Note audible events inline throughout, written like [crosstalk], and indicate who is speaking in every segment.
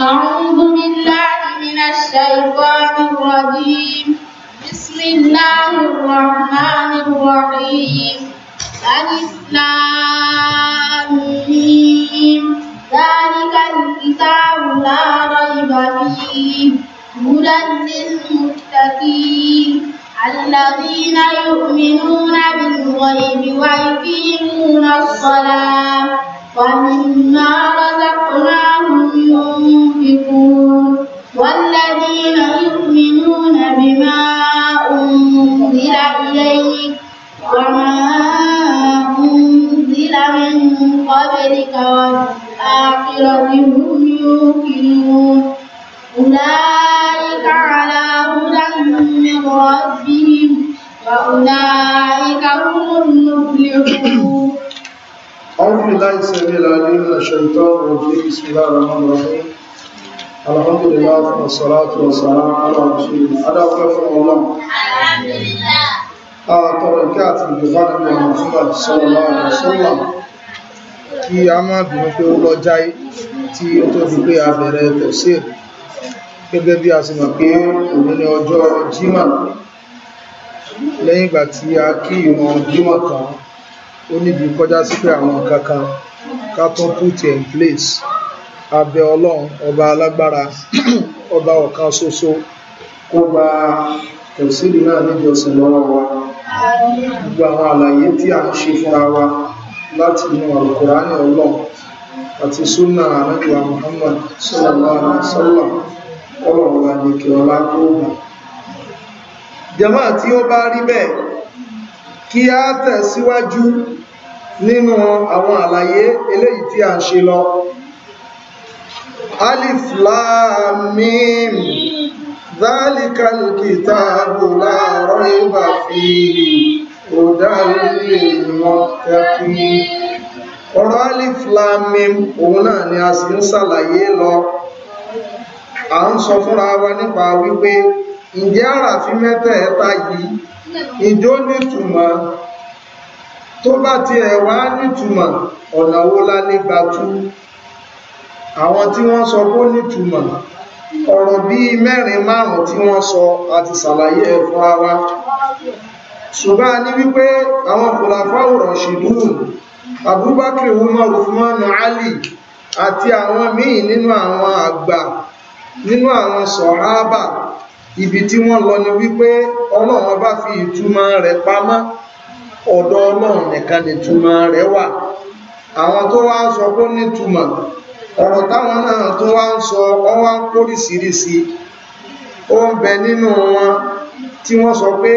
Speaker 1: أعوذ بالله من الشيطان الرجيم بسم الله الرحمن الرحيم ألف ذلك الكتاب لا ريب فيه هدى للمتقين الذين يؤمنون بالغيب ويقيمون الصلاة ومما رزقناهم ينفقون يشركون والذين يؤمنون بما أنزل إليك وما أنزل من قبلك والآخرة هم يوقنون أولئك على هدى من ربهم وأولئك هم المفلحون أعوذ بالله السميع العليم من الشيطان الرجيم بسم الله الرحمن الرحيم alhamdulillah wa salatu wa salam ala rasulillah adáwọ̀fẹ́ fún ọlọ́run àtọ̀rọ̀ ìkẹ́ àti ìjọba nínú ọmọ fúnbà sọ́lọ́lá ọ̀rọ̀ sọ́lá kí a máa bínú pé ó lọ jáì tí ó tó di pé a bẹ̀rẹ̀ tẹ̀síl gẹ́gẹ́ bí a sì mọ̀ pé put in place abẹ ọlọ́run ọba alágbára [clears throat] ọba ọ̀kan ṣoṣo kó gba tẹ̀sílì náà níjọsìn lọ́wọ́ wa gbogbo àwọn àlàyé tí a ń ṣe fúnra wa láti inú àlùkùránì ọlọ́run àti súnà ànájúwà Muhammad sallallahu alaihi wasallam ọlọ́run wa ní kí ọlá kó gbà jama tí ó bá rí bẹ́ẹ̀ kí a tẹ̀síwájú nínú àwọn àlàyé eléyìí tí a ń ṣe lọ ألف لام ميم ذلك الكتاب لا ريب فيه هدى للمتقين ọ̀rọ̀ alif òun náà ni a sì ń ṣàlàyé lọ à ń sọ fúnra wa nípa wípé ǹjẹ́ àràfin mẹ́tẹ̀ẹ̀ta yìí ìjó nítumọ̀ tó bá tiẹ̀ wá nítumọ̀ ọ̀nà wo la lè àwọn tí wọ́n sọ kó nítumọ̀ ọ̀rọ̀ bíi mẹ́rin márùn tí wọ́n sọ àti ṣàlàyé ẹ̀ fúnra wa ṣùgbọ́n ní wípé àwọn kòlàfáwò rọ̀ṣìdún Abubakar Umar Uthman Ali àti àwọn míì nínú àwọn àgbà nínú àwọn sọ̀hábà ibi tí wọ́n lọ ni wípé Ọlọ́run bá fi ìtumọ̀ rẹ̀ pamọ́ ọ̀dọ̀ Ọlọ́run nìkan nìtumọ̀ rẹ̀ wà àwọn tó wá sọ pé nítumọ̀ ọ̀rọ̀ táwọn náà tó wá ń sọ ọ wá ń kórìsìírísì ó ń bẹ nínú wọn tí wọ́n sọ pé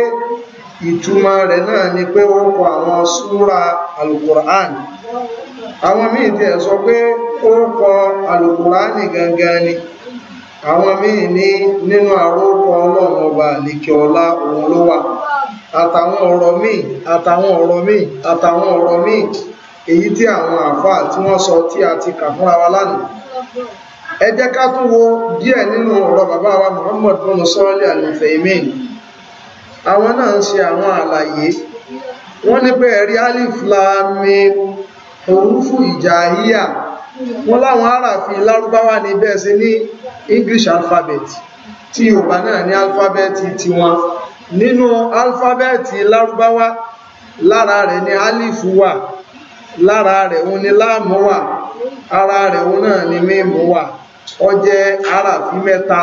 Speaker 1: ìtumọ̀ rẹ̀ náà ni pé ó kọ àwọn súra alukur'an àwọn míì tí ẹ̀ sọ pé ó kọ alukur'an gangan ni àwọn míì ní nínú àrókọ ọlọ́run ọba àlékè ọlá òun ló wà àtàwọn ọ̀rọ̀ míì àtàwọn ọ̀rọ̀ míì àtàwọn ọ̀rọ̀ míì èyí tí àwọn àfáà tí wọ́n sọ tí a ti kà fúnra wa lánàá ẹ jẹ́ ká tún wo díẹ̀ nínú ọ̀rọ̀ bàbá wa Muhammad bin Salih Al-Uthaymeen àwọn náà ń ṣe àwọn àlàyé wọ́n ní pé ẹ̀rí alif lam mim òrùfù ìjàhíyà láwọn aráàfin lárúbáwá ní bẹ́ẹ̀ sí ní English alphabet tí Yorùbá náà ní alifábẹ́ẹ̀tì tiwọn nínú alifábẹ́ẹ̀tì lárúbáwá lára rẹ̀ ní alif wà lára rẹ̀ òun ni láàmú wà ara rẹ̀ òun náà ni mímú wà ó jẹ́ aráàfin mẹ́ta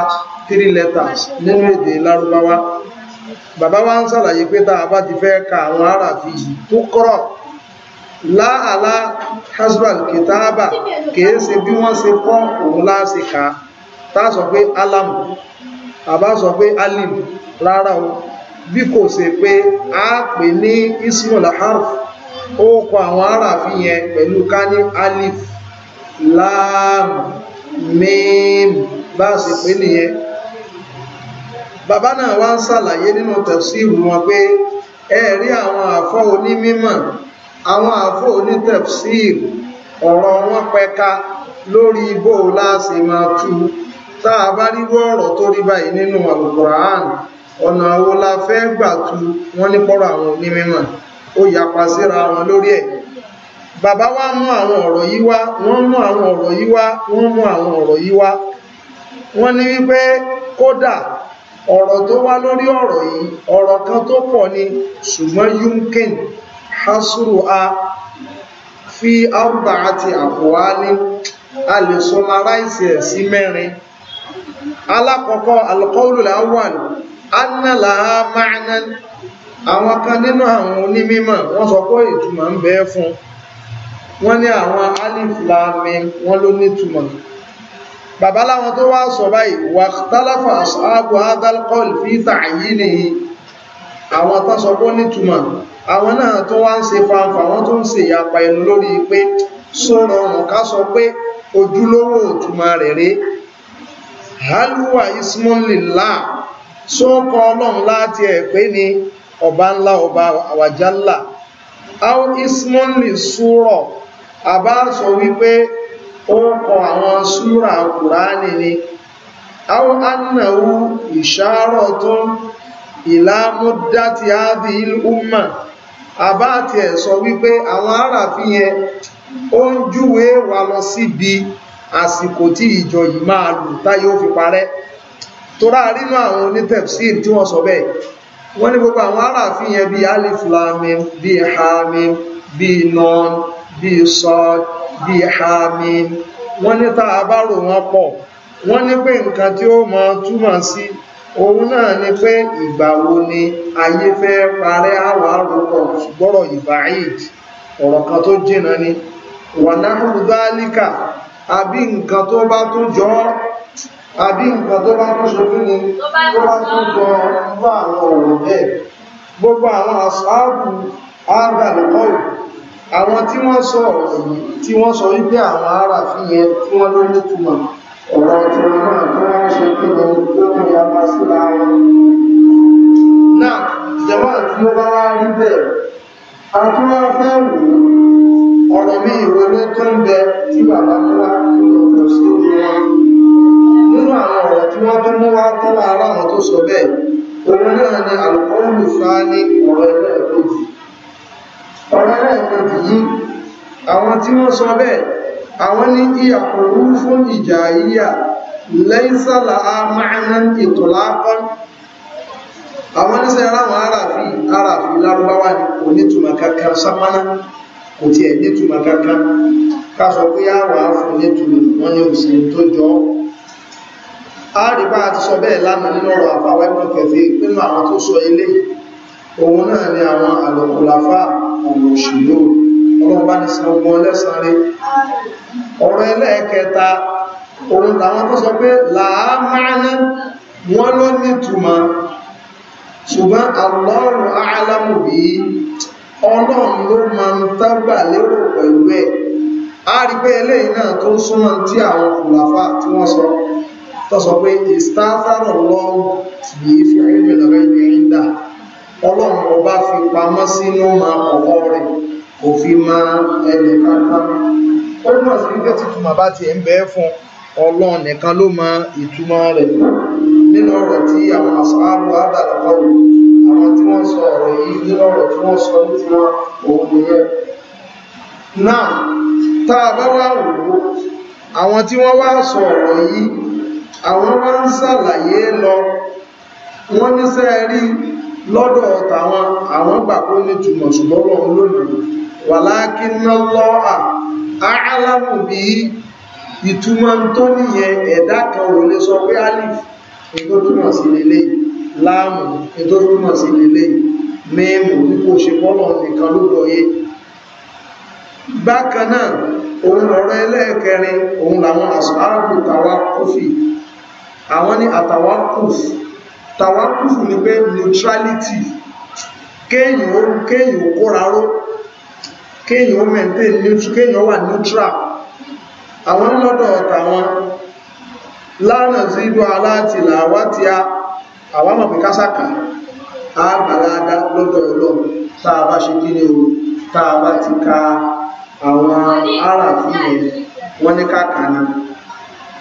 Speaker 1: three letters nínú èdè lárúbáwá bàbá wa ń ṣàlàyé pé tá a bá ti fẹ́ ka àwọn aráàfin yìí tó kọ́rọ̀ láàlá hasbal kìtàbà kìí ṣe bí wọ́n ṣe kọ́ òun láṣẹ ká tá a sọ pé alam àbá sọ pé alim rárá o bí kò ṣe pé a pè ní ismul harf ó kọ àwọn aráàfin yẹn pẹ̀lú ká alif lam mim bá a sì pé nìyẹn bàbá náà wá ń ṣàlàyé nínú tẹ̀síìrù wọn pé ẹ rí àwọn àfọ́ onímímọ̀ àwọn àfọ́ onítẹ̀síìrù ọ̀rọ̀ wọn pẹ̀ka lórí ibò láàṣì máa tú tá a bá rí ọ̀rọ̀ tó rí báyìí nínú àlùkùránì ọ̀nà wo la fẹ́ gbà tú wọn ní pọ́rọ̀ àwọn onímímọ̀ ó yapa síra wọn lórí ẹ̀ bàbá wa mú àwọn ọ̀rọ̀ yìí wá wọ́n mú àwọn ọ̀rọ̀ yìí wá wọ́n mú àwọn ọ̀rọ̀ yìí wá wọ́n ní wípé kódà ọ̀rọ̀ tó wá lórí ọ̀rọ̀ yìí ọ̀rọ̀ kan tó pọ̀ ni ṣùgbọ́n yunkin hasuru a fi arba àti àfòwálé a lè sọmaráìsì ẹ̀ sí mẹ́rin alákọ̀ọ́kọ́ alqawlu al-awwal anna laha ma'nan àwọn kan nínú àwọn onímímọ̀ wọ́n sọ pé ìtumọ̀ ń bẹ fún wọ́n ní àwọn alif lam mim wọ́n ló nítumọ̀ bàbá láwọn tó wá sọ báyìí wà tálàfà ashabu hadal qawl fi ta'yinihi àwọn tó sọ pé nítumọ̀ àwọn náà tó wá ń ṣe fanfà wọ́n tó ń ṣe ìyapa ẹnu lórí pé sọ̀rọ̀ ọ̀hún ká sọ pé ojúlówó òtúmọ̀ rẹ̀ rèé haluwa ismun lillah sókọ ọlọ́run láti ẹ̀ pé ni ọba ńlá ọba àwàjálà aw ismun li súrà àbá sọ wípé ó kọ àwọn súrà kùránì ni aw annahu isharatun ila muddati hadhihi umma àbá àti ẹ̀ sọ wípé àwọn ará fi yẹn ó ń júwe wà lọ síbi àsìkò tí ìjọ yìí máa lù táyé ó fi parẹ́ torá rínú àwọn onítẹ̀fsíìrì tí wọ́n sọ bẹ́ẹ̀ wọ́n ní gbogbo àwọn aráàfin yẹn bíi alif lamim bíi hamim bíi non bíi sod bíi hamim wọ́n ní tá a bá rò wọ́n pọ̀ wọ́n ní pé nǹkan tí ó mọ túmọ̀ sí òun náà ni pé ìgbà wo ni ayé fẹ́ parẹ́ àwọn àrùkọ ṣùgbọ́rọ̀ ìbáyìd ọ̀rọ̀ kan tó jìnnà ni wọ̀nà hùdálíkà àbí nǹkan tó bá tó jọ àbí nǹkan tó bá tún ṣe kí ni tó bá tún jọ irú àwọn òwò bẹ́ẹ̀ gbogbo àwọn àṣáàbù àgbàlùkọ́ àwọn tí wọ́n sọ ọ̀rọ̀ yìí tí wọ́n sọ wípé àwọn ará fi yẹn tí wọ́n ló nítumọ̀ ọ̀rọ̀ tí wọ́n náà tó wọ́n ṣe kí ni tó kí ni a bá sí láàrin náà ìjọba tí ó bá wá rí bẹ́ẹ̀ àtúwá fẹ́ wò ọ̀rọ̀ bí ìwé ló tó ń bẹ tí bàbá tó wá kí ló sí tí wọ́n tún mú wá kọ́ ara àwọn tó sọ bẹ́ẹ̀ òun náà ni àlùkọ́ọ̀lù fáálí ọ̀rọ̀ ẹlẹ́ẹ̀kejì ọ̀rọ̀ ẹlẹ́ẹ̀kejì yìí àwọn tí wọ́n sọ bẹ́ẹ̀ àwọn ní ìyàkùrú fún ìjà yíyà lẹ́sàlà àmàna ìtòlápọ́n àwọn oníṣẹ́ aráwọn aráàfi aráàfi lárúbáwá ni kò nítumọ̀ kankan sámánà kò àríbá ti sọ bẹ́ẹ̀ lánàá nínú ọ̀rọ̀ àfáwẹ́ mọ̀kẹ̀fẹ́ nínú àwọn tó sọ ilé òun náà ni àwọn àlòkùnláfà ọ̀rọ̀ òṣèlú ọlọ́run bá ní sinagun ọlẹ́sàn rí ọ̀rọ̀ ẹlẹ́ẹ̀kẹta òun làwọn tó sọ pé làámáyá máa ń wọ́n sọ tó sọ pé ìstáfàrọ̀ lọ́wọ́ kì í fi ẹ̀rìn ìlọ́rẹ́ ìlú ẹ̀yìn dà ọlọ́run ọba fi pamọ́ sínú máa kọ̀kọ́ rẹ̀ kò fi máa ẹnì kankan ó mọ̀ sí wípé tìtùmọ̀ bá tiẹ̀ ń bẹ́ẹ̀ fún ọlọ́run nìkan ló mọ ìtumọ̀ rẹ̀ nínú ọ̀rọ̀ tí àwọn àṣàrò àdàlọ́kọ̀ àwọn tí wọ́n sọ ọ̀rọ̀ yìí nínú ọ̀rọ̀ tí wọ́n sọ ní tiwọn òun nìyẹn náà tá a bá wá wò àwọn tí wọ́n wá sọ ọ̀rọ̀ yìí àwọn wá ń ṣàlàyé lọ wọ́n níṣẹ́ rí lọ́dọ̀ tàwọn àwọn gbà kó ní túmọ̀ ṣùgbọ́n lọ́wọ́ lónìí walakinna Allaha a'lamu bí ìtumọ̀ tó nìyẹn ẹ̀dá kan ò lè sọ pé alif ètò túmọ̀ sí lélẹ̀ láàmù ètò túmọ̀ sí lélẹ̀ mẹ́mù bí kò ṣe bọ́lọ̀ nìkan ló gbọ́yé bákan náà òun lọ́rọ̀ ẹlẹ́ẹ̀kẹrin òun làwọn àṣọ àrùn tàwa kófì àwọn ní àtàwákùf tàwákùf ni pé neutrality kéèyàn ó kéèyàn ó kóra kéèyàn ó maintain neutral kéèyàn wà neutral àwọn lọ́dọ̀ tàwọn lánà sí ìdó aláàtì làwá ti a àwọn ọmọ pẹ̀kásàkà àgbàláadá lọ́dọ̀ ọlọ́run tàà bá ṣe kí ní o tàà bá ti ka àwọn ara fún ẹ̀ wọ́n ní káàkà náà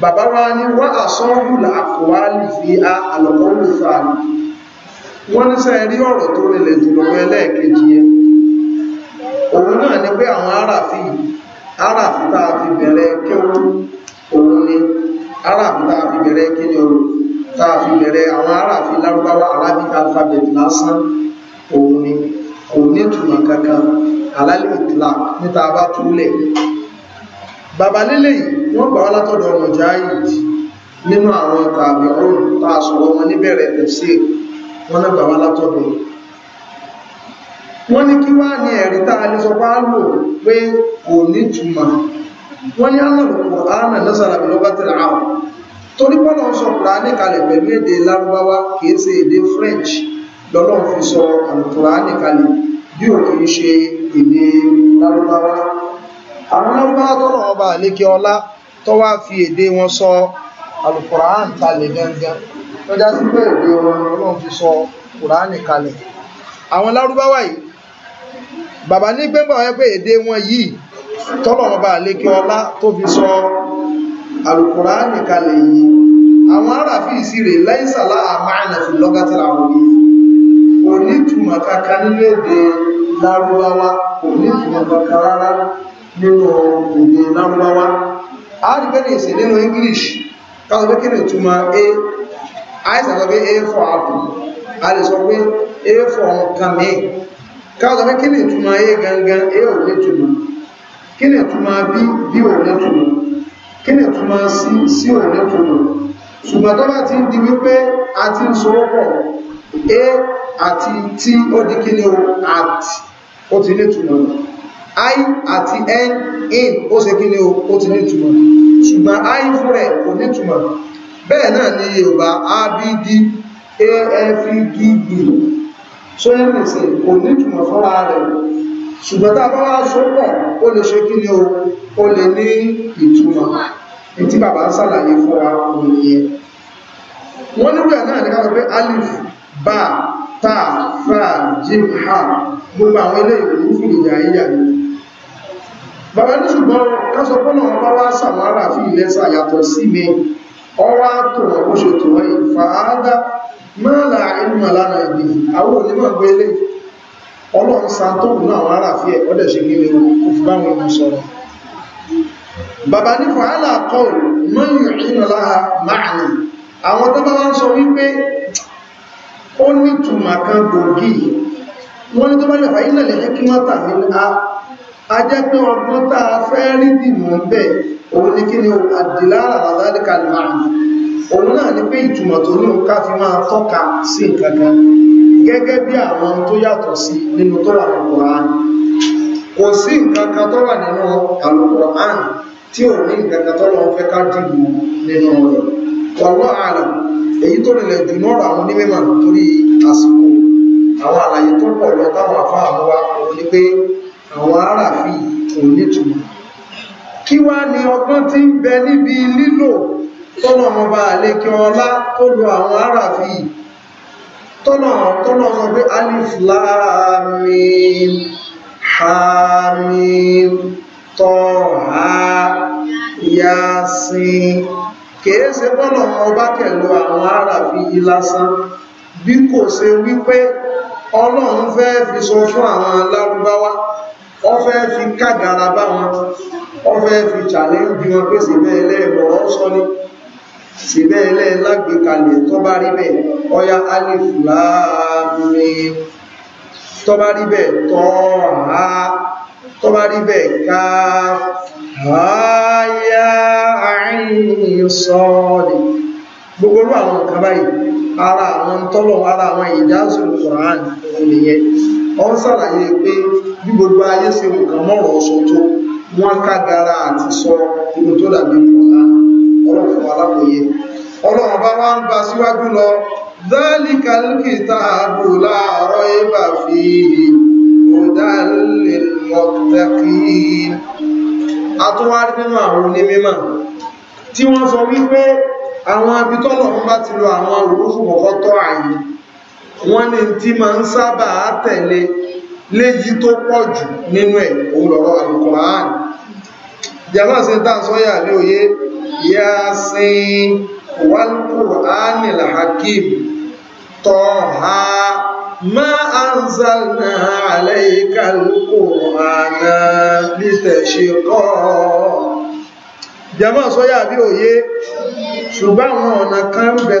Speaker 1: bàbá wa ní wá àsọ́hùlà àkọwálì fi a àlọ́kọ́rù fàánù wọ́n ní sẹ́ rí ọ̀rọ̀ tó rinlẹ̀ jùlọ ẹlẹ́ẹ̀kejì yẹn òun náà ni pé àwọn aráàfin aráàfin tá a fi bẹ̀rẹ̀ kéwú òun ni aráàfin tá a fi bẹ̀rẹ̀ kíni ọ̀rọ̀ tá a fi bẹ̀rẹ̀ àwọn aráàfin lárúbáwá arabic alphabet lásán òun ni kò ní ìtumọ̀ kankan alálẹ̀ ìtìlá níta bá túlẹ̀ bàbá lélẹ̀ wọ́n gbà wá látọ̀dọ̀ Mujahid nínú àwọn tàbí ọ̀rùn tá a sọ̀rọ̀ wọn níbẹ̀rẹ̀ tafsir wọn náà gbà wá látọ̀dọ̀ wọ́n ní kí wá ní ẹ̀rí tá a lè lò pé kò ní túmọ̀ wọ́n ní alàbùkù àánà lọ́sàrà French lọ́lọ́run fi sọ àlùkùránì kalẹ̀ bí ò kìí ṣe èdè àwọn lọ́rùbáwá tọ́lọ̀ ọba àlékè ọlá tó wá fi èdè wọn sọ alukuraan kalẹ̀ gangan tó já sí pé èdè ọlọ́run fi sọ kuraani kalẹ̀ àwọn lárúbáwá yìí bàbá ní pé bàbá pé èdè wọn yìí tọ́lọ̀ ọba àlékè ọlá tó fi sọ alukuraani kalẹ̀ yìí àwọn aráàfin ìsirè láìsàlá àmàna fi lọ́gàtàrà wòye kò ní túmọ̀ kankan nínú èdè lárúbáwá kò ní túmọ̀ kankan rárá nínú èdè lárúbáwá àádìbẹ́lẹ̀ èsì nínú English káwọn pé kí ni ìtumọ̀ a àìsàn sọ pé a for apple a lè sọ pé a for nǹkan mi káwọn sọ pé kí ni ìtumọ̀ a gangan a ò ní ìtumọ̀ kí ni ìtumọ̀ b b ò ní ìtumọ̀ kí ni ìtumọ̀ c c ò ní ìtumọ̀ ṣùgbọ́n tó bá ti ń di wípé a ti ń sọ pọ̀ a àti t ó di kí ni o at ó ti ní ìtumọ̀ náà i àti n in ó ṣe kí ni o ó ti ní ìtumọ̀ ṣùgbọ́n i fún rẹ̀ kò ní ìtumọ̀ bẹ́ẹ̀ náà ni yorùbá abd afgb e, sóyẹ́nìsì kò ní ìtumọ̀ fúnra rẹ̀ ṣùgbọ́n tá a bá wá sọ́pọ̀ ó lè ṣe kí ni o ó lè ní ìtumọ̀ tí bàbá ń sàlàyé fúnra ònìyẹn wọ́n nílò ẹ̀ náà ní káàkiri pé alif ba ta fa jim ha gbogbo àwọn ilé ìwé fún ìyá ìyá yìí bàbá ní ṣùgbọ́n kásọ pọ́nà wọn bá wá sàmárà fi ilẹ̀ sàyàtọ̀ sí mi ọwá tó wọn bó ṣe tó wọn yìí fàádá máa là inú àlànà ìbí àwọn onímọ̀ gbélé ọlọ́run santóhùn náà wọn ara fi ẹ̀ ọdẹ̀ ṣe nílé wọn kò fi báwọn ọmọ sọ̀rọ̀ bàbá ní a jẹ́ pé ọgbọ́n tá a fẹ́ rí dìmọ̀ bẹ̀ òun ni kí ni àdìlára àzálìkà máa òun náà ni pé ìtumọ̀ tó ní ká fi máa tọ́ka sí nǹkan kan gẹ́gẹ́ bí àwọn tó yàtọ̀ sí nínú tó wà nínú Quran kò sí nǹkan kan tó wà nínú Al-Quran tí ò ní nǹkan kan tó lọ́wọ́ fẹ́ ká dìmọ̀ nínú rẹ̀ ọlọ́ àrà èyí tó rìnlẹ̀ jù náà àwọn onímọ̀ torí àsìkò àwọn àlàyé tó pọ̀ lọ táwọn àfáà mú wa òun ni pé àwọn aráàfin kò nítumọ̀ kí wá ní ọgbọ́n tí ń bẹ níbi lílò tọ́nà ọmọba àlékí ọlá tó lo àwọn aráàfin tọ́nà tọ́nà sọ pé alif láàmìn hàmìn tọ́ha yasin kìí tọ́nà ọba kẹlò àwọn aráàfin yìí lásán bí kò ṣe wípé ọlọ́run fẹ́ fi sọ fún àwọn alárúbáwá wọ́n fẹ́ fi kàgàrà bá wọn wọ́n fẹ́ fi challenge wọn pé síbẹ̀ ẹlẹ́ẹ̀lọ́rọ́ sọ ní síbẹ̀ ẹlẹ́ẹ̀lágbèkalẹ̀ tó bá rí bẹ́ẹ̀ ọya alif láàmì tó bá rí bẹ́ẹ̀ tọ́ ha tó bá rí bẹ́ẹ̀ ká ààyà àìyìn sọ́ọ̀lì gbogbo orú àwọn nǹkan báyìí ara àwọn tọ́lọ̀ ara àwọn ìdásùn Kùránì òun nìyẹn wọ́n sàlàyé pé bí gbogbo ayé ṣe nǹkan mọ́rọ̀ ọ̀sọ̀ tó wọ́n kágara àti sọ ohun tó dàbí kùrán ọlọ́run fún alákòóyè ọlọ́run bá wá ń gba síwájú lọ ذلك الكتاب لا ريب فيه هدى للمتقين àtúwárí nínú àwọn onímọ̀ tí wọ́n sọ wípé àwọn abitọ́lọ̀ ń bá ti lo àwọn òrùfù kọ̀kọ́ tọ́ àyè wọ́n ní tí máa ń sábà tẹ̀lé léjì tó pọ̀ jù nínú ẹ̀ òun lọ́rọ̀ Al-Qur'an jama se ta sọ́yà ní òye Yasin wal-Qur'anil hakim Taha ma anzalna alaykal Qur'ana litashqa jama sọ́yà bí òye ṣùgbọ́n àwọn ọ̀nà kan rúbẹ̀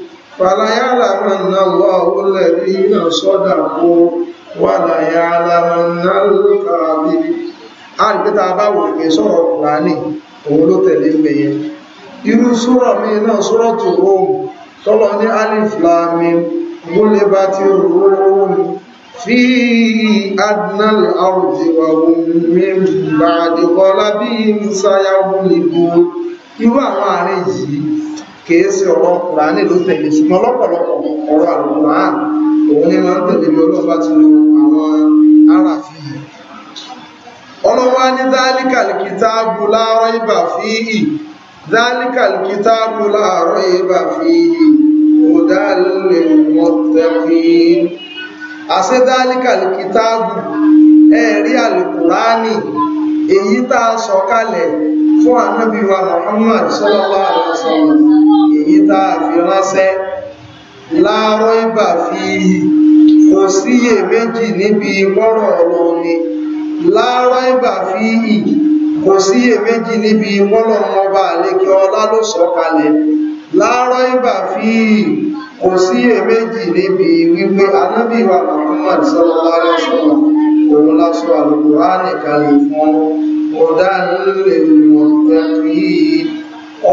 Speaker 1: la الله الذين صدقوا وليعلمن الكاذبين àrìgbẹ́ta báwo ìgbẹ́ sọ̀rọ̀ kùránì òun ló tẹ̀lé ìgbẹ̀ yẹn irú súrọ̀ mi náà súrọ̀ tó róòmù tọ́lọ ní aliflami gúnlébá tí róòmù fi adnal arùdíwà kìí ṣe ọ̀rọ̀ kùránì ló tẹ̀lé ṣùgbọ́n lọ́pọ̀lọpọ̀ ọ̀rọ̀ àlùkùránì òun ni máa ń tẹ̀lé bí ọlọ́run bá ti lo àwọn aráàfin yìí ọlọ́wọ́ ní dáálíkàlìkìtáàbù láàárọ̀ ibà fi hì dáálíkàlìkìtáàbù láàárọ̀ ibà fi hì kò dáálẹ̀ mọ́tẹ́fì àṣẹ dáálíkàlìkìtáàbù ẹ̀rí àlùkùránì èyí tá a sọ kalẹ̀ fún ànábì Muhammad sallallahu alaihi wasallam èyí tá a fi ránṣẹ́ láàárọ̀ ìbà fi kò síyè méjì níbi pọ́rọ̀ ọ̀rọ̀ ni láàárọ̀ ìbà fi kò síyè méjì níbi pọ́rọ̀ ọba àlékè ọlá ló sọ kalẹ̀ láàárọ̀ ìbà fi kò síyè méjì níbi wípé ànábì Muhammad sallallahu alaihi wasallam òun lásọ àlùkò ránìkalẹ̀ fún ọ ọ̀daràn olórí ìwọ̀n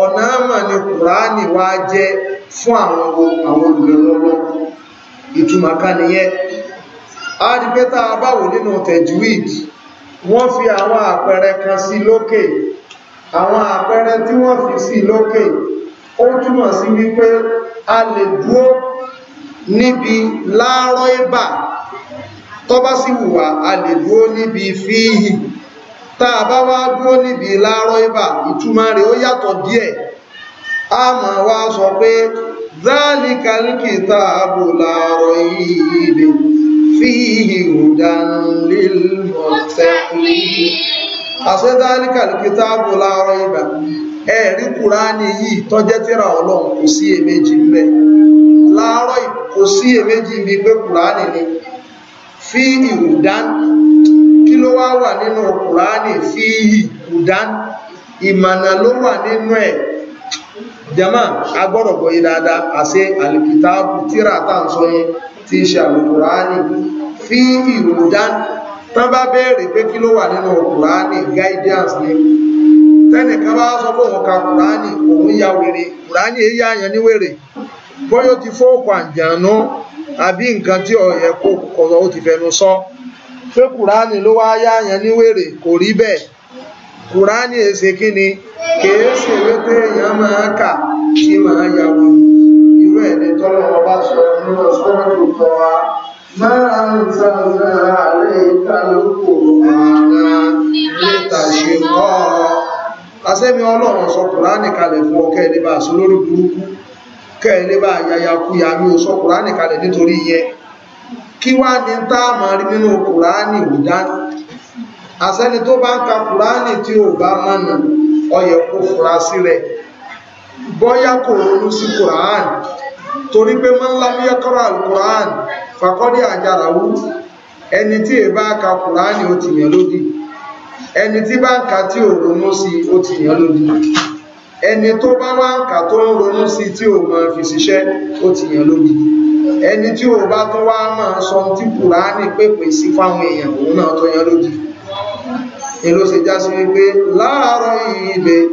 Speaker 1: ọ̀nà àmà ni kùránì wá jẹ́ fún àwọn àwọn olùrànlọ́wọ́ ìtumọ̀ ká nìyẹn a rí pé tá a bá wò nínú tajwid wọ́n fi àwọn àpẹẹrẹ kan sí lókè àwọn àpẹẹrẹ tí wọ́n fi sí lókè ó túmọ̀ sí wípé a lè dúró níbi láàárọ̀ ìbà tó bá wùwà a lè dúró níbi fíìhì tá a bá wá dúró níbi láàárọ̀ ibà ìtumọ̀ rẹ̀ ó yàtọ̀ díẹ̀ a mọ̀ wá sọ pé zálìkà líkìtà àbò láàárọ̀ ìbè fíhì ìhùdánilélọ́tẹ́kùn àṣẹ zálìkà líkìtà àbò láàárọ̀ ibà ẹ̀rí kùránì yìí tọ́jẹ́ tíra ọlọ́run kò sí èméjì ń láàárọ̀ kò sí èméjì ń pé kùránì ni fíhì ìhùdánilélọ́tẹ́kùn kí ló wá wà nínú kùránì fi yìí kùdán ìmànà ló wà nínú ẹ̀ jama agbọ́dọ̀ gbọ́yí dáadáa àṣẹ alìkìtàbù tíra tàǹsọ yẹn tí í ṣe fi ìrùdán tán bá béèrè pé kí ló wà nínú kùránì guidance ni tẹ́nìkan bá sọ fún òun kùránì òun ya wèrè kùránì èyí àyàn ní wèrè bóyá ó ti fóòkù àǹjànú àbí nǹkan tí ọ̀yẹ̀ kò kọ̀ọ̀ ó ti fẹnu sọ. So pé kùránì ló wáá yáàyàn ní wèrè kò rí bẹ́ẹ̀ kùránì èsè kí ni kìí ṣe wípé èèyàn máa kà tí máa yà wò irú ẹ̀ ní tọ́lọ́ ọba sọ nínú sọ́ọ̀rọ̀ tó wa máa ń sàzà àlẹ́ ìtàlókò ààrà níta ṣe kọ́ ọ. àṣẹ́mi ọlọ́run sọ kùránì kalẹ̀ fún ọkẹ́ ẹ̀ lè bá burúkú kẹ́ ẹ̀ lè ò sọ kùránì kalẹ̀ nítorí yẹn kí wá ní táàmà rí nínú kùránì ìdánù àsẹ́ni tó bá ń ka kùránì tí ò bá mọ̀nà ọyẹ kó fura sí bọ́yá kò ronú sí kùránì torí pé mọ́ ńlá bí yẹ́kọ́rọ̀ kùránì fàkọ́dí àjàràwú ẹni tí è bá ka kùránì ó ti yàn lódì ẹni tí bá ń ka tí ò ronú sí ó ti yàn lódì ẹni tó bá wá ń kà tó ń ronú sí tí ò mọ̀ fi ṣiṣẹ́ ó ti yàn lódì ẹni tí ò bá tó wá máa sọ tí kùránì pèpè sí fáwọn èèyàn òun náà tó yàn lódì ni ló ṣe já sí wípé láàárọ̀ ilẹ̀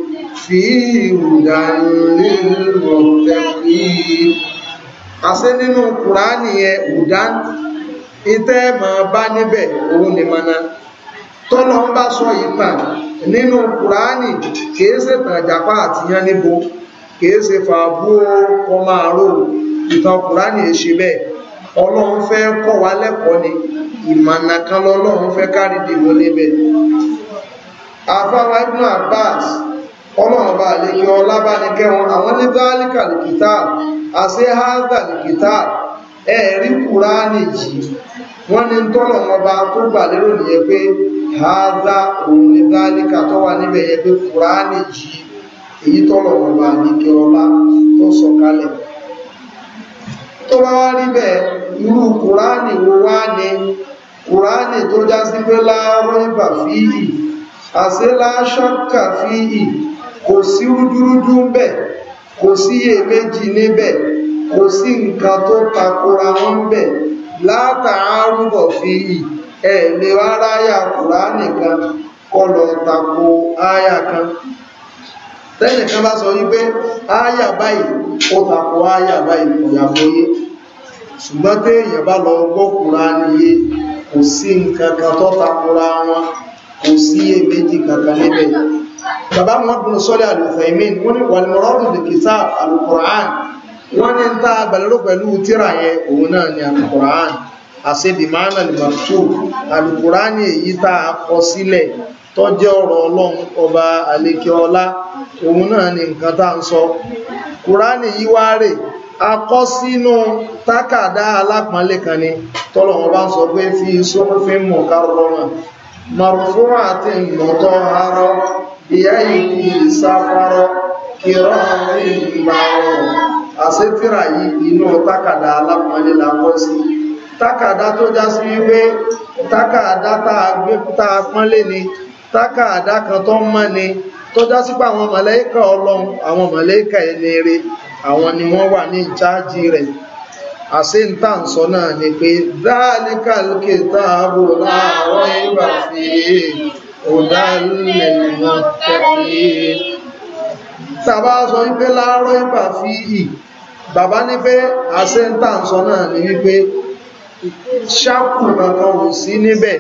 Speaker 1: fi ìrùdánilélọ́tẹ̀kì àṣẹ nínú kùránì yẹn ìrùdán ìtẹ́ máa bá níbẹ̀ òun ni mana tọ́lọ́ ń bá sọ ìtàn nínú kùránì kìí ṣe tàjàpá àti yán níbo kìí ṣe fàbú ọkọ̀ máa rò ìtàn kùránì ṣe bẹ́ẹ̀ ọlọ́run fẹ́ kọ́ wa lẹ́kọ̀ọ́ ni ìmọ̀nà kan lọ́lọ́run fẹ́ kárí dìbò níbẹ̀ afáwa ibn abbas ọlọ́run bá lè yọ ọlábánikẹ́wọn àwọn ní báálíkà lìkítà àṣẹ háàdà lìkítà ẹ̀ẹ̀rí kùránì yìí wọ́n ní tọ́lọ̀ wọn bá tó gbà lérò nìyẹn pé hádá òun kato dálíkà tó wà níbẹ̀ yẹ pé kùránì jí èyí tọ́lọ̀ ọba àníkẹ́ ọlá tó sọ kalẹ̀ tó bá wá rí bẹ́ẹ̀ irú kùránì wo wá ní kùránì tó já sí pé láàárọ̀ ìbà fi ì àṣẹ láṣọ́kà fi ì kò sí rúdúrúdú ń kò sí èméjì níbẹ̀ kò sí nǹkan tó takora wọn ń bẹ̀ látàárùbọ̀ fi ì ẹ lè wá ráyà kùránì kan kọlọ̀ tako áyà kan tẹ́nìkan bá sọ wípé áyà báyìí ó tako áyà báyìí kò yàgbóyé ṣùgbọ́n téèyàn bá lọ gbọ́ kùránì yé kò sí nǹkan kan tó takora wọn kò sí èméjì kankan níbẹ̀ bàbá muhammadu sọ́lẹ̀ alùfẹ̀mí wọ́n ní wàlùmọ́rọ́rùn lè kìtà alùkùránì wọ́n ní ń ta àbàlẹ́rò pẹ̀lú tíra yẹn òun náà ni alùkùránì àṣebìmánà lìmọ̀tò alùkùránì èyí tá a kọ sílẹ̀ tọ́jẹ́ ọ̀rọ̀ ọlọ́run ọba àlekẹ́ọlá òun náà ni nǹkan tá ń sọ kùránì yí wá rè akọ́ sínú tákàdá alápọ̀nlé kan ni tọ́lọ̀wọ́n bá ń sọ pé fi sófin mọ̀ kárọ̀rọ̀mà marufúnra àti ìmọ̀tọ́ arọ ìyá ìlú ìsáfárọ kìrọ̀ ìgbà yìí inú tákàdá alápọ̀nlé làkọ́ sí i tákàdá tó já sí wípé tákàdá tá a pọ́nlé ni tákàdá kan tó mọ́ ni tó já sí pé àwọn mọ̀lẹ́kà ọlọ́run àwọn mọ̀lẹ́kà ẹni àwọn ni wọ́n wà ní ìjáàjì rẹ̀ àṣẹ ń tà ń sọ náà ni pé dhalikal kitabu la rayba fihi hudan lil muttaqin tàbá sọ wípé la rayba fihi bàbá ní pé àṣẹ ń ń sọ náà ni wípé ṣákù kankan ò sí níbẹ̀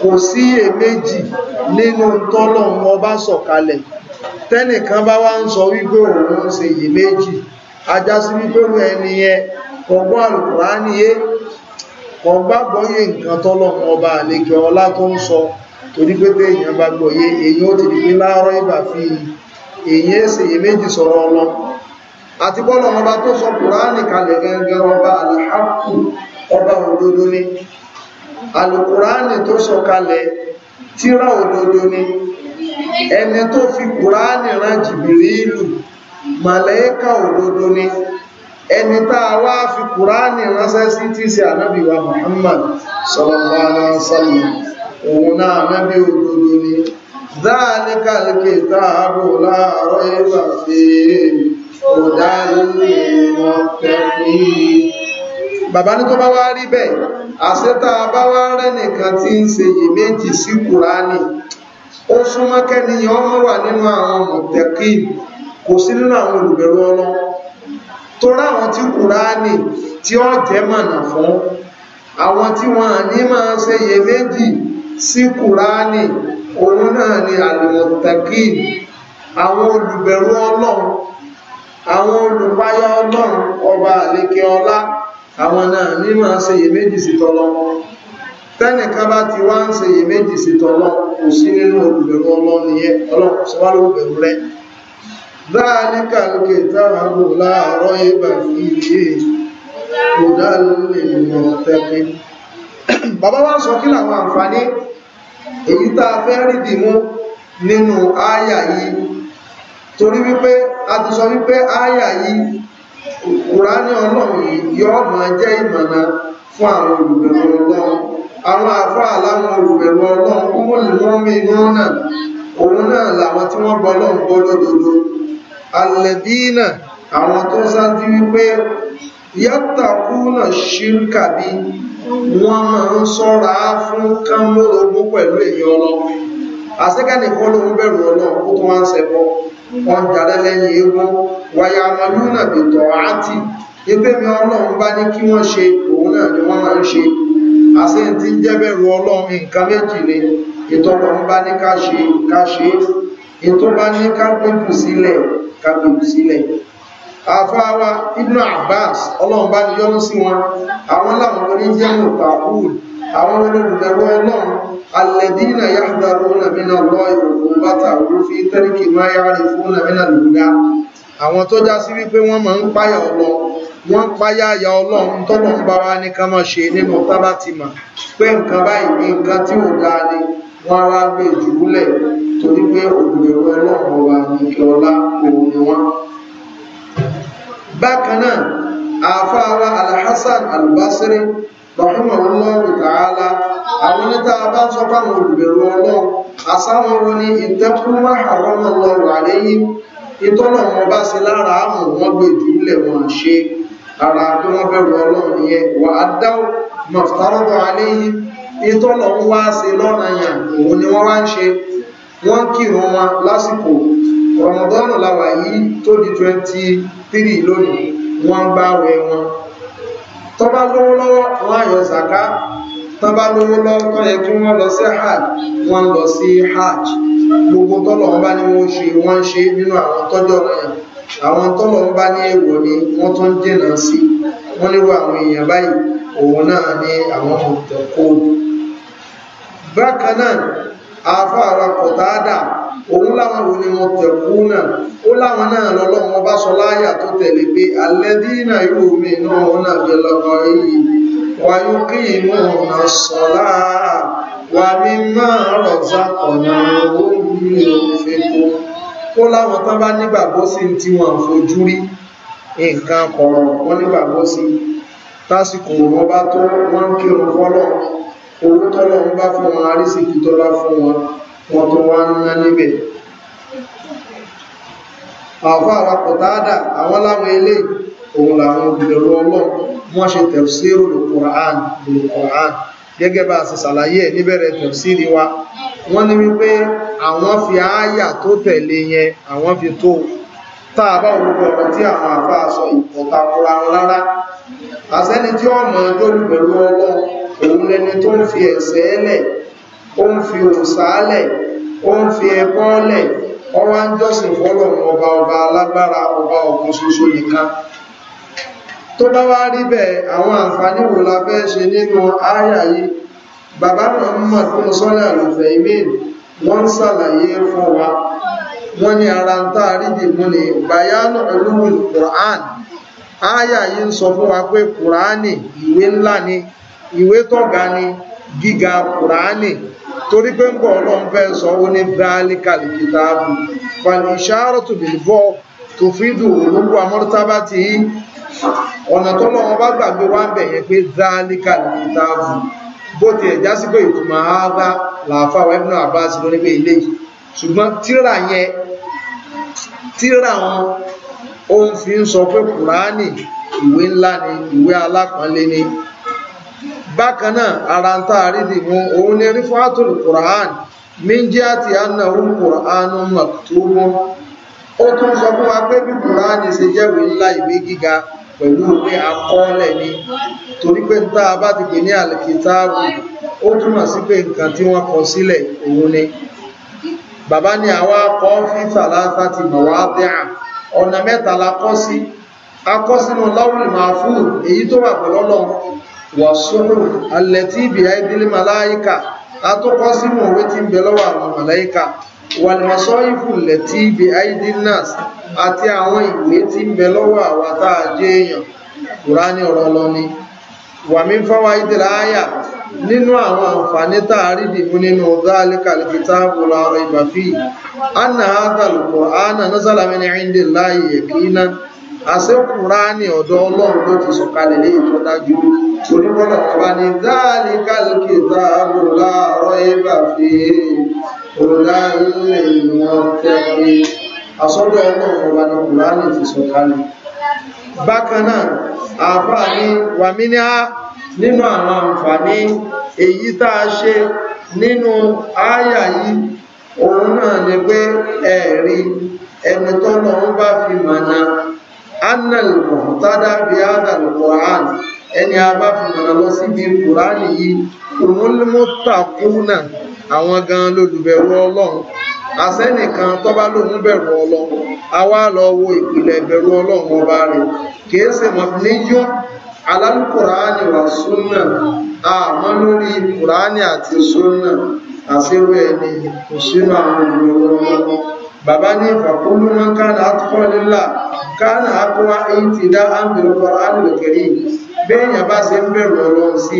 Speaker 1: kò sí èméjì nínú tọ́lọ́run ọba sọ̀kalẹ̀ tẹ́nìkan bá wá ń sọ wípé òun ń ṣe ajásí wípé òun ẹni yẹ kọ̀gbọ́n àlùkùránì yé kọ̀gbàgbọ́yé nǹkan ọba àlejò ọlá tó ń sọ torí pé pé èèyàn bá gbọ́yé èyí ó ti di pé láàárọ̀ ìgbà àti bọ́lọ̀ ọba tó sọ kùránì kalẹ̀ gẹ́gẹ́ ọba alìhákù ọba òdodo ni alùkùránì tó sọ kalẹ̀ tírà òdodo ni ẹni tó fi kùránì rán jìbìrìlù màlẹ́kà òdodo ni ẹni tá a wá fi kùránì ránṣẹ́ sí tí sí ànábì wa Muhammad sallallahu alaihi wasallam òun náà nábì òdodo ni bàbá ní tó bá wá rí bẹ́ẹ̀ àṣẹ́ta bá wá rẹ́nìkan tí ń ṣe yè sí kùránì ó súnmọ́ kẹ́niyàn ọmọ wà nínú àwọn mọ̀tẹ́kì kò sí nínú àwọn olùbẹ̀rù ọlọ́ torí àwọn tí kùránì tí ó jẹ́ mọ̀nà fún àwọn tí wọ́n ní máa ṣe yè méjì sí kùránì òun náà ni àlùmọ̀tẹ́kì àwọn olùbẹ̀rù ọlọ́run àwọn olùpáyà ọlọ́run ọba àlékè ọlá àwọn náà ní máa ṣe iyèméjì sí tọ́lọ́ tẹ́nìkan bá ti wá ń ṣe iyèméjì sí tọ́lọ́ kò sí nínú olùbẹ̀rù ọlọ́run yẹn ọlọ́run sọ wá lóòbẹ̀rù rẹ̀ dáadíkà lókè táwọn àgbò láàárọ̀ ìbà fi ilé kò dá lórí ìmọ̀ tẹ́lẹ̀ bàbá wá sọ kí làwọn àǹfààní èyí tá a fẹ́ rí nínú ááyà yìí torí wípé a ti sọ wípé áyà yìí kùránì ọlọ́run yìí yọ́ máa jẹ́ ìmọ̀nà fún àwọn olùbẹ̀rù ọlọ́run àwọn àfáà láwọn olùbẹ̀rù ọlọ́run kúmọ̀ lọ́mí inú náà òun náà làwọn tí wọ́n gbọ́ ọlọ́run gbọ́ lódodo alẹ́bíínà àwọn tó sáájú wípé yátàkúnà ṣírkà bí wọ́n máa ń sọ́ra fún kánmọ́rogún pẹ̀lú èyí ọlọ́run àṣẹ́kẹ́ nìkan ló ń bẹ̀rù ọlọ́run kó tó wá ń ṣẹbọ wọ́n jàdá lẹ́yìn egun wáyà ọmọlúnà bìtọ̀ àti ebémi ọlọ́run bá ní kí wọ́n ṣe òun náà ni wọ́n máa ń ṣe àṣẹ tí ń jẹ́bẹ̀rù ọlọ́run nǹkan méjì ni ìtọ́lọ́run bá ní ká ṣe ká ṣe ètò bá ní ká gbèbù sílẹ̀ ká gbèbù sílẹ̀ àfáwá Ibn Abbas ọlọ́run bá ní yọ́nú sí wọn àwọn láwọn oníjẹ́ mọ̀tàkùn àwọn olólùbẹ̀rù ọlọ́run الذين يحذرون من الله عقوبته في ترك ما يعرفون من الهدى àwọn tó já sí wípé wọ́n máa ń páyà ọlọ wọ́n ń páyà àyà Ọlọ́run tọlọ ń bá wa ní ká máa ṣe nínú tábà pé nǹkan báyìí ní nǹkan tí ò dáa ni wọ́n ara gbé jùbúlẹ torí pé olùbẹ̀rù Ọlọ́run ọba nìkẹ ọlá òun ni wọ́n. bákan náà àáfàá wa Al-Hasan lọ́kùnrin ọlọ́run tààlà àwọn níta bá ń sọ fáwọn olùbẹ̀rù ọlọ́run àsáwọn wọn ni ìtẹ́kùnmá àwọn ọlọ́run àléyé ìtọ́nà wọn bá ṣe lára àmọ̀ wọn gbé jùlẹ̀ wọn ṣe ara tó wọn bẹ̀rù ọlọ́run yẹn wà á dáwọ́ mọ̀tàrọ́bọ̀ àléyé ìtọ́nà wọn wá ṣe lọ́nà yàn òun ni wọ́n wá ń ṣe wọ́n kírun wọn lásìkò rọmọdọ́nà làwà yìí tó di twenty lónìí wọ́n ń bá wẹ̀ wọn tó bá lówó lọ́wọ́ wọ́n yọ zaka tó bá lówó lọ́wọ́ tó yẹ kí wọ́n lọ sí hajj wọ́n lọ sí hajj gbogbo tọ́lọ̀ wọn bá ní wọ́n ṣe wọ́n ṣe nínú àwọn tọ́jọ́ rẹ̀ àwọn tọ́lọ̀ wọn bá ní èèwọ̀ ni wọ́n tún dènà sí wọ́n níwọ̀ àwọn èèyàn báyìí òun náà ní àwọn òtẹ̀kọ́ bákan náà àáfàá wa kọ̀tàádà òun láwọn wo ni wọn tẹ̀kú náà ó láwọn náà lọ́lọ́wọ́n bá sọ láyà tó tẹ̀lé pé alẹ́dínà yóò mi náà wọn náà bẹ lọ́kọ yìí wáyú kí inú ọ̀nà sọ̀lá wà mí máa rọ̀ta ọ̀nà òun ní òfin kó ó láwọn tán bá nígbàgbọ́ sí tí wọ́n fojú rí nǹkan kọ̀rọ̀ wọ́n nígbàgbọ́ sí tásìkò wọn bá tó wọ́n kírun fọ́lọ́ owó tọ́lọ́ wọn bá fún wọn arísìkí tọ́lá fún wọn wọ́n tó wá ń rán níbẹ̀ àwọn àràpọ̀tádà àwọn láwọn ilé òun làwọn olùdẹ̀rọ ọlọ́run wọ́n ṣe tẹ̀fsírù lùkùrán lùkùrán gẹ́gẹ́ bá ṣe ṣàlàyé ẹ̀ níbẹ̀rẹ̀ tẹ̀fsírì wa wọ́n ní wípé àwọn fi ááyà tó tẹ̀lé yẹn àwọn fi tó táà bá orúkọ ọ̀rọ̀ tí àwọn àfá sọ ìkọ̀ta ọ̀rọ̀ àwọn rárá àṣẹ́ni tí ọmọ ọjọ́ olùbẹ̀rù ọlọ́run ó ń fi òsàálẹ̀ ó ń fi ẹbọ́ lẹ̀ ọwá ń jọ́sìn fọ́lọ̀mù ọba ọba alágbára ọba ọ̀kan ṣoṣo nìkan tó bá wá rí bẹ́ẹ̀ àwọn àǹfààní wo la fẹ́ ṣe nínú ááyà yìí bàbá Muhammad fún sọ́lẹ̀ àlùfẹ́ imin wọ́n ń ṣàlàyé fún wa wọ́n ní ara ń tá àrídì mú ni bayanu ulumul Qur'an ááyà yìí ń sọ fún wa pé Qur'ani ìwé ńlá ni ìwé tọ́ga ni gíga kùránì torí pé ń bọ̀ ọlọ́run fẹ́ sọ ó ní dáálíkàlì kìtàbù fàlìṣàrọ̀tù bìlbọ̀ tó fídù olówó amọ́rútábá ti yí ọ̀nà tọ́lọ́run bá gbàgbé wá ń bẹ̀ yẹn pé dáálíkàlì kìtàbù bó ti ẹ̀já sí pé ìtumọ̀ ààbá làáfà wẹ́bùnà àbá sí lórí pé ilé yìí ṣùgbọ́n tíra yẹn tíra wọn ó ń fi sọ pé kùránì ìwé ńlá ni ìwé alápọ̀nlé ni bákan náà ara ń tá a rí dìbò òun ní rífàtúlù quran méjì àti quran maktubu ó tún sọ fún wa pé bí quran ṣe jẹ́wé ńlá ìwé gíga pẹ̀lú a bá ti pè ní àlìkìtáàbù ó túmọ̀ sí pé nǹkan tí wọ́n kọ sílẹ̀ òun ni bàbá ni àwa kọ́ fífà látàtì mọ̀wá dẹ́hà ọ̀nà mẹ́ta la kọ́ sí akọ́ sínú èyí tó wasu a letibia idilmalaika a to ko si wetin belowa mo malaika wani maso ifu letibia idilnas a ti awon inweti belowa wa taa je eyan urani oron oroni. wamin fawa idila haya ninu awon amfani taa ri di muni na oga alekal fita bula ori bafi an na agaluko ana nasala mini hindu lai ebi ina àṣekùnránì ọ̀dọ̀ ọlọ́run ló ti sọ̀kalẹ̀ lé ìtọ́ dájú onígbọ́nà ọba ní dáàlì kálùkì táàbù láàárọ̀ ẹ̀bà fi òrùlá ilẹ̀ ìwọ̀n tẹ́kì àsọ́dọ̀ ọlọ́run ọba ní kùránì ti sọ̀kalẹ̀ bákan náà àáfàá ní wàmíníà nínú àwọn àǹfààní èyí tá a ṣe nínú ááyà yìí òun náà ni pé ẹ̀rí ẹni tọ́lọ́run bá fi mọ̀nà annal muhtada bi hadha alquran ẹni abá fi mọ̀nà lọ síbi quran yìí òmùlmọ́tàkùnà àwọn gan lólùbẹ̀rù ọlọ́run àsẹ́nìkan tó bá lóun bẹ̀rù ọlọ́run a wá lọ wo ìpìlẹ̀ ìbẹ̀rù ọlọ́run ọba rẹ̀ kìí ṣe mọ̀fìníyọ́ alálùkùránì wà súnà àmọ́ lórí kùránì àti súnà àṣírò ẹni kò sínú àwọn olùbẹ̀rù ọlọ́run bàbá ní ìfàkúlú wọn kánà àtúkọ́ nílà kánà àkúwá èyí ti dá àmìlòkọ̀ àmìlòkèrè bẹ́ẹ̀yàn bá ṣe ń bẹ̀rù ọlọ́run sí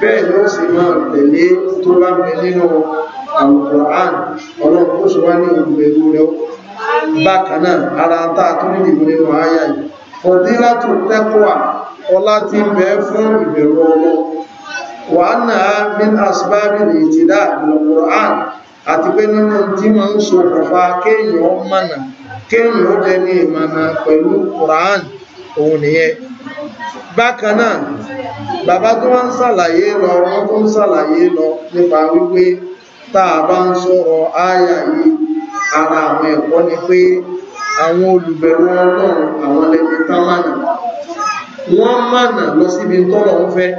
Speaker 1: bẹ́ẹ̀ ló sì máa tẹ̀lé tó bá bẹ nínú Al-Qur'an ọlọ́run kó ṣe wá ní ìgbèrú rẹ̀ bákan náà ara tá a tún nídìí nínú àyà yìí fọ̀dílá tó tẹ́kọ̀ọ́ ọlá ti bẹ fún ìbẹ̀rù ọlọ́run wàá náà min asbábìlì ìtìdá Al-Qur'an àti pé nínú tí ma ń ṣokùnfà kéèyàn mọ̀nà kéèyàn lẹni ìmọ̀nà pẹ̀lú Quran òun nìyẹn bákan náà bàbá tó wá ń ṣàlàyé lọ wọ́n tó ń ṣàlàyé lọ nípa wípé tá a bá ń sọ̀rọ̀ ááyà yìí ara àwọn ẹ̀kọ́ ni pé àwọn olùbẹ̀rù Ọlọ́run àwọn lẹni tá mọ̀nà wọ́n mọ̀nà lọ síbi tọ́lọ̀ ń fẹ́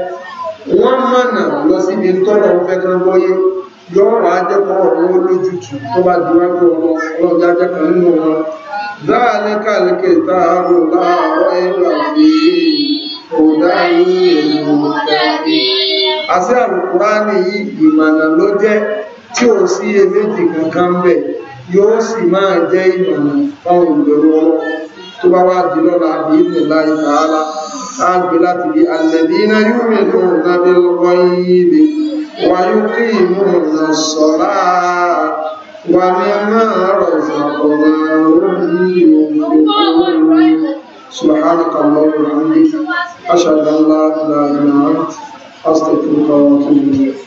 Speaker 1: wọ́n mọ̀nà lọ síbi tọ́lọ̀ ń fẹ́ kan gbọ́yé yóò wá jẹ́kọ̀ ọ̀rọ̀ lójútù tó bá di wájú ọmọ ọlọ́jà jẹ́kọ̀ nínú wọn dáadéka lékè táàrù láàárọ̀ ẹ̀rọ fi ọ̀dá ní ìlú tẹ̀lé àti àlùkùránì yìí ìmọ̀nà ló jẹ́ tí ò sí iyèméjì kankan bẹ̀ yóò sì máa jẹ́ ìmọ̀nà fáwọn ìbẹ̀rù ọlọ́ tó bá wá di lọ́la àbí ìlú láì tààlà á gbé láti di alẹ́bí iná yóò rìn lóhùn lábẹ́ lọ́wọ́ yìí ويقيمون الصلاة ومما رزقناهم ينفقون سبحانك اللهم وبحمدك أشهد أن لا إله إلا أنت أستغفرك وأتوب إليك